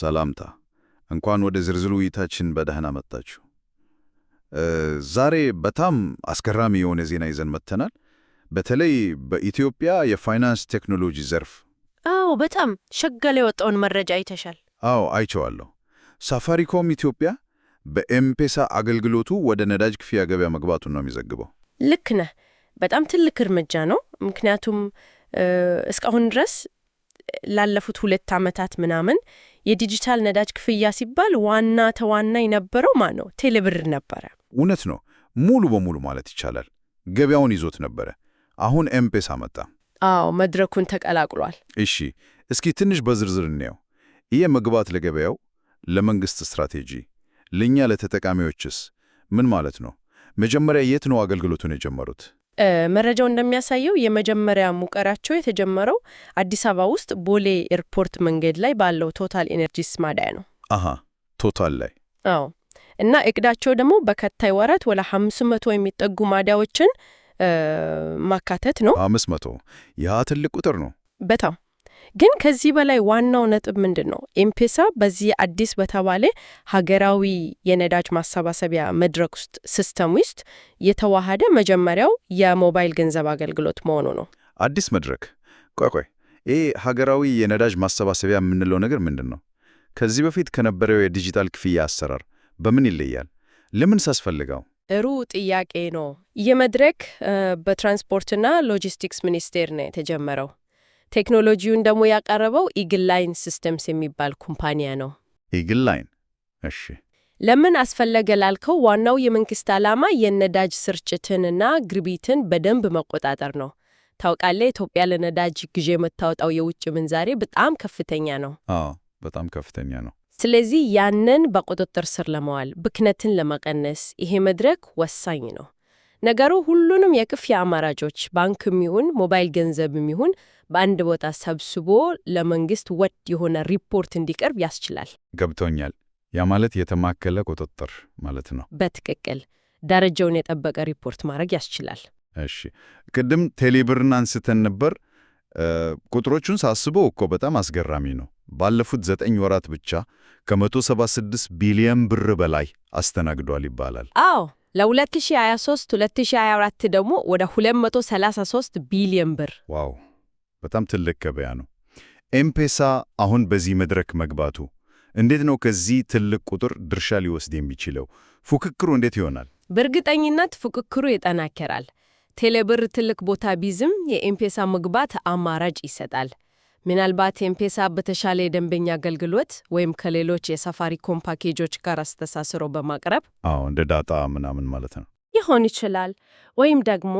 ሰላምታ እንኳን ወደ ዝርዝር ውይይታችን በደህና መጣችሁ። ዛሬ በጣም አስገራሚ የሆነ ዜና ይዘን መጥተናል። በተለይ በኢትዮጵያ የፋይናንስ ቴክኖሎጂ ዘርፍ። አዎ፣ በጣም ሸገላ የወጣውን መረጃ አይተሻል? አዎ፣ አይቼዋለሁ። ሳፋሪኮም ኢትዮጵያ በኤምፔሳ አገልግሎቱ ወደ ነዳጅ ክፍያ ገበያ መግባቱን ነው የሚዘግበው። ልክ ነህ። በጣም ትልቅ እርምጃ ነው። ምክንያቱም እስካሁን ድረስ ላለፉት ሁለት ዓመታት ምናምን የዲጂታል ነዳጅ ክፍያ ሲባል ዋና ተዋና የነበረው ማን ነው? ቴሌብር ነበረ። እውነት ነው፣ ሙሉ በሙሉ ማለት ይቻላል ገበያውን ይዞት ነበረ። አሁን ኤምፔሳ መጣ። አዎ፣ መድረኩን ተቀላቅሏል። እሺ፣ እስኪ ትንሽ በዝርዝር እንየው። ይህ መግባት ለገበያው፣ ለመንግስት ስትራቴጂ፣ ለእኛ ለተጠቃሚዎችስ ምን ማለት ነው? መጀመሪያ የት ነው አገልግሎቱን የጀመሩት? መረጃው እንደሚያሳየው የመጀመሪያ ሙከራቸው የተጀመረው አዲስ አበባ ውስጥ ቦሌ ኤርፖርት መንገድ ላይ ባለው ቶታል ኤነርጂስ ማዳያ ነው። አሃ ቶታል ላይ አዎ። እና እቅዳቸው ደግሞ በከታይ ወራት ወደ መቶ የሚጠጉ ማዳያዎችን ማካተት ነው። መቶ ያ ትልቅ ቁጥር ነው በጣም ግን ከዚህ በላይ ዋናው ነጥብ ምንድን ነው? ኤምፔሳ በዚህ አዲስ በተባለ ሀገራዊ የነዳጅ ማሰባሰቢያ መድረክ ውስጥ ሲስተም ውስጥ የተዋሃደ መጀመሪያው የሞባይል ገንዘብ አገልግሎት መሆኑ ነው። አዲስ መድረክ። ቆይ ቆይ፣ ይህ ሀገራዊ የነዳጅ ማሰባሰቢያ የምንለው ነገር ምንድን ነው? ከዚህ በፊት ከነበረው የዲጂታል ክፍያ አሰራር በምን ይለያል? ለምን ሳስፈልገው? ጥሩ ጥያቄ ነው። ይህ መድረክ በትራንስፖርትና ሎጂስቲክስ ሚኒስቴር ነው የተጀመረው። ቴክኖሎጂውን ደግሞ ያቀረበው ኢግል ላይን ሲስተምስ የሚባል ኩምፓኒያ ነው። ኢግል ላይን እሺ። ለምን አስፈለገ ላልከው ዋናው የመንግስት ዓላማ የነዳጅ ስርጭትንና ግርቢትን በደንብ መቆጣጠር ነው። ታውቃለህ፣ ኢትዮጵያ ለነዳጅ ግዢ የምታወጣው የውጭ ምንዛሬ በጣም ከፍተኛ ነው። አዎ በጣም ከፍተኛ ነው። ስለዚህ ያንን በቁጥጥር ስር ለመዋል ብክነትን ለመቀነስ ይሄ መድረክ ወሳኝ ነው። ነገሩ ሁሉንም የክፍያ አማራጮች ባንክም ይሁን ሞባይል ገንዘብም ይሁን በአንድ ቦታ ሰብስቦ ለመንግስት ወጥ የሆነ ሪፖርት እንዲቀርብ ያስችላል። ገብቶኛል። ያ ማለት የተማከለ ቁጥጥር ማለት ነው። በትክክል ደረጃውን የጠበቀ ሪፖርት ማድረግ ያስችላል። እሺ፣ ቅድም ቴሌብርን አንስተን ነበር። ቁጥሮቹን ሳስበው እኮ በጣም አስገራሚ ነው። ባለፉት ዘጠኝ ወራት ብቻ ከ176 ቢሊዮን ብር በላይ አስተናግዷል ይባላል። አዎ ለ2023 2024 ደግሞ ወደ 233 ቢሊዮን ብር ዋው በጣም ትልቅ ገበያ ነው። ኤምፔሳ አሁን በዚህ መድረክ መግባቱ እንዴት ነው ከዚህ ትልቅ ቁጥር ድርሻ ሊወስድ የሚችለው? ፉክክሩ እንዴት ይሆናል? በእርግጠኝነት ፉክክሩ ይጠናከራል። ቴሌብር ትልቅ ቦታ ቢዝም የኤምፔሳ መግባት አማራጭ ይሰጣል። ምናልባት ኤምፔሳ በተሻለ የደንበኛ አገልግሎት ወይም ከሌሎች የሳፋሪኮም ፓኬጆች ጋር አስተሳስሮ በማቅረብ አዎ፣ እንደ ዳጣ ምናምን ማለት ነው። ሊሆን ይችላል። ወይም ደግሞ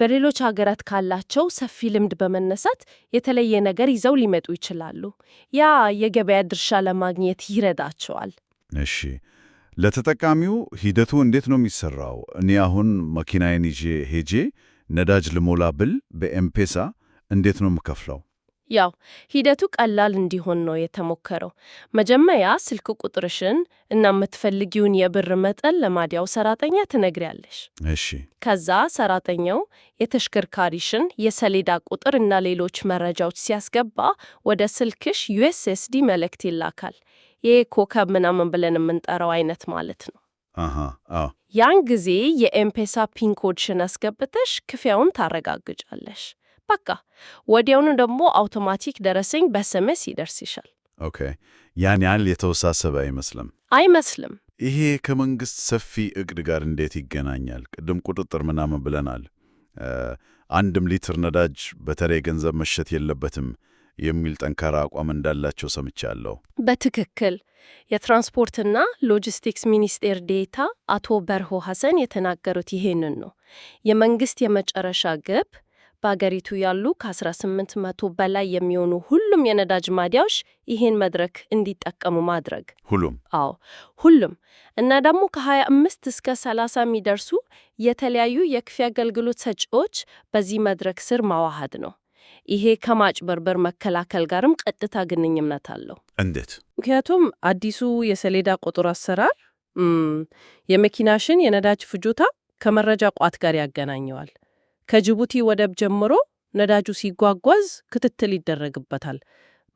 በሌሎች ሀገራት ካላቸው ሰፊ ልምድ በመነሳት የተለየ ነገር ይዘው ሊመጡ ይችላሉ። ያ የገበያ ድርሻ ለማግኘት ይረዳቸዋል። እሺ፣ ለተጠቃሚው ሂደቱ እንዴት ነው የሚሰራው? እኔ አሁን መኪናዬን ይዤ ሄጄ ነዳጅ ልሞላ ብል በኤምፔሳ እንዴት ነው የምከፍለው? ያው ሂደቱ ቀላል እንዲሆን ነው የተሞከረው። መጀመሪያ ስልክ ቁጥርሽን እና የምትፈልጊውን የብር መጠን ለማዲያው ሰራተኛ ትነግሪያለሽ። እሺ። ከዛ ሰራተኛው የተሽከርካሪሽን የሰሌዳ ቁጥር እና ሌሎች መረጃዎች ሲያስገባ ወደ ስልክሽ ዩኤስኤስዲ መልእክት ይላካል። ይህ ኮከብ ምናምን ብለን የምንጠራው አይነት ማለት ነው። ያን ጊዜ የኤምፔሳ ፒንኮድሽን አስገብተሽ ክፍያውን ታረጋግጫለሽ። በቃ ወዲያውኑ ደግሞ አውቶማቲክ ደረሰኝ ይደርስ ይደርስሻል። ኦኬ፣ ያን ያህል የተወሳሰበ አይመስልም አይመስልም። ይሄ ከመንግስት ሰፊ እቅድ ጋር እንዴት ይገናኛል? ቅድም ቁጥጥር ምናምን ብለናል። አንድም ሊትር ነዳጅ በተለይ ገንዘብ መሸት የለበትም የሚል ጠንካራ አቋም እንዳላቸው ሰምቻለሁ። በትክክል የትራንስፖርትና ሎጂስቲክስ ሚኒስቴር ዴታ አቶ በርሆ ሐሰን የተናገሩት ይሄንን ነው። የመንግስት የመጨረሻ ግብ በአገሪቱ ያሉ ከ1800 በላይ የሚሆኑ ሁሉም የነዳጅ ማዲያዎች ይህን መድረክ እንዲጠቀሙ ማድረግ ሁሉም አዎ ሁሉም እና ደግሞ ከ25 እስከ 30 የሚደርሱ የተለያዩ የክፍያ አገልግሎት ሰጪዎች በዚህ መድረክ ስር ማዋሃድ ነው። ይሄ ከማጭበርበር መከላከል ጋርም ቀጥታ ግንኙነት አለው። እንዴት? ምክንያቱም አዲሱ የሰሌዳ ቁጥር አሰራር የመኪናሽን የነዳጅ ፍጆታ ከመረጃ ቋት ጋር ያገናኘዋል። ከጅቡቲ ወደብ ጀምሮ ነዳጁ ሲጓጓዝ ክትትል ይደረግበታል።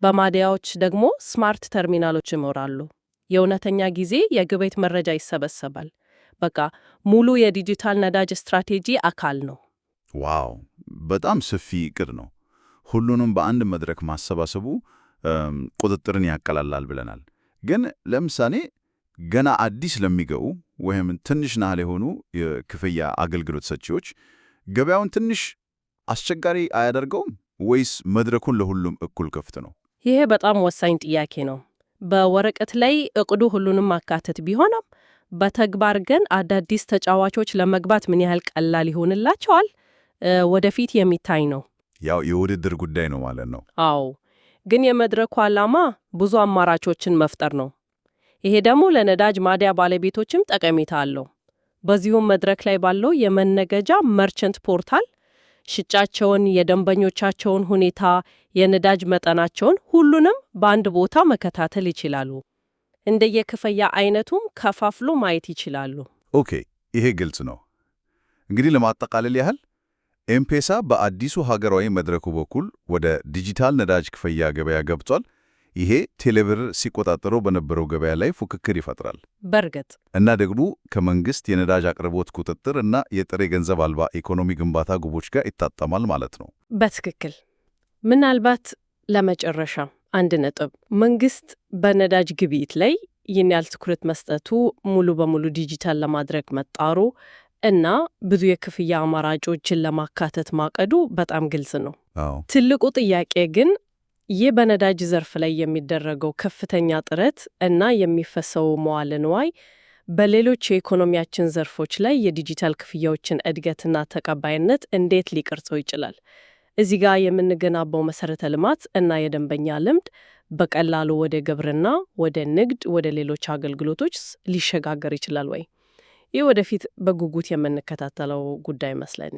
በማደያዎች ደግሞ ስማርት ተርሚናሎች ይኖራሉ። የእውነተኛ ጊዜ የግብይት መረጃ ይሰበሰባል። በቃ ሙሉ የዲጂታል ነዳጅ ስትራቴጂ አካል ነው። ዋው! በጣም ሰፊ እቅድ ነው። ሁሉንም በአንድ መድረክ ማሰባሰቡ ቁጥጥርን ያቀላላል ብለናል። ግን ለምሳሌ ገና አዲስ ለሚገቡ ወይም ትንሽ ናህል የሆኑ የክፍያ አገልግሎት ሰጪዎች ገበያውን ትንሽ አስቸጋሪ አያደርገውም ወይስ መድረኩን ለሁሉም እኩል ክፍት ነው? ይሄ በጣም ወሳኝ ጥያቄ ነው። በወረቀት ላይ እቅዱ ሁሉንም ማካተት ቢሆንም በተግባር ግን አዳዲስ ተጫዋቾች ለመግባት ምን ያህል ቀላል ይሆንላቸዋል ወደፊት የሚታይ ነው። ያው የውድድር ጉዳይ ነው ማለት ነው። አዎ፣ ግን የመድረኩ ዓላማ ብዙ አማራጮችን መፍጠር ነው። ይሄ ደግሞ ለነዳጅ ማደያ ባለቤቶችም ጠቀሜታ አለው። በዚሁም መድረክ ላይ ባለው የመነገጃ መርቸንት ፖርታል ሽጫቸውን፣ የደንበኞቻቸውን ሁኔታ፣ የነዳጅ መጠናቸውን ሁሉንም በአንድ ቦታ መከታተል ይችላሉ። እንደየክፈያ አይነቱም ከፋፍሎ ማየት ይችላሉ። ኦኬ፣ ይሄ ግልጽ ነው። እንግዲህ ለማጠቃለል ያህል ኤምፔሳ በአዲሱ ሀገራዊ መድረኩ በኩል ወደ ዲጂታል ነዳጅ ክፍያ ገበያ ገብቷል። ይሄ ቴሌብር ሲቆጣጠረው በነበረው ገበያ ላይ ፉክክር ይፈጥራል። በእርግጥ እና ደግሞ ከመንግስት የነዳጅ አቅርቦት ቁጥጥር እና የጥሬ ገንዘብ አልባ ኢኮኖሚ ግንባታ ግቦች ጋር ይታጠማል ማለት ነው። በትክክል ምናልባት ለመጨረሻ አንድ ነጥብ መንግስት በነዳጅ ግብይት ላይ ይህን ያህል ትኩረት መስጠቱ፣ ሙሉ በሙሉ ዲጂታል ለማድረግ መጣሩ እና ብዙ የክፍያ አማራጮችን ለማካተት ማቀዱ በጣም ግልጽ ነው። ትልቁ ጥያቄ ግን ይህ በነዳጅ ዘርፍ ላይ የሚደረገው ከፍተኛ ጥረት እና የሚፈሰው መዋለ ንዋይ በሌሎች የኢኮኖሚያችን ዘርፎች ላይ የዲጂታል ክፍያዎችን እድገትና ተቀባይነት እንዴት ሊቀርጸው ይችላል? እዚህ ጋር የምንገነባው መሰረተ ልማት እና የደንበኛ ልምድ በቀላሉ ወደ ግብርና፣ ወደ ንግድ፣ ወደ ሌሎች አገልግሎቶች ሊሸጋገር ይችላል ወይ? ይህ ወደፊት በጉጉት የምንከታተለው ጉዳይ ይመስለኛል።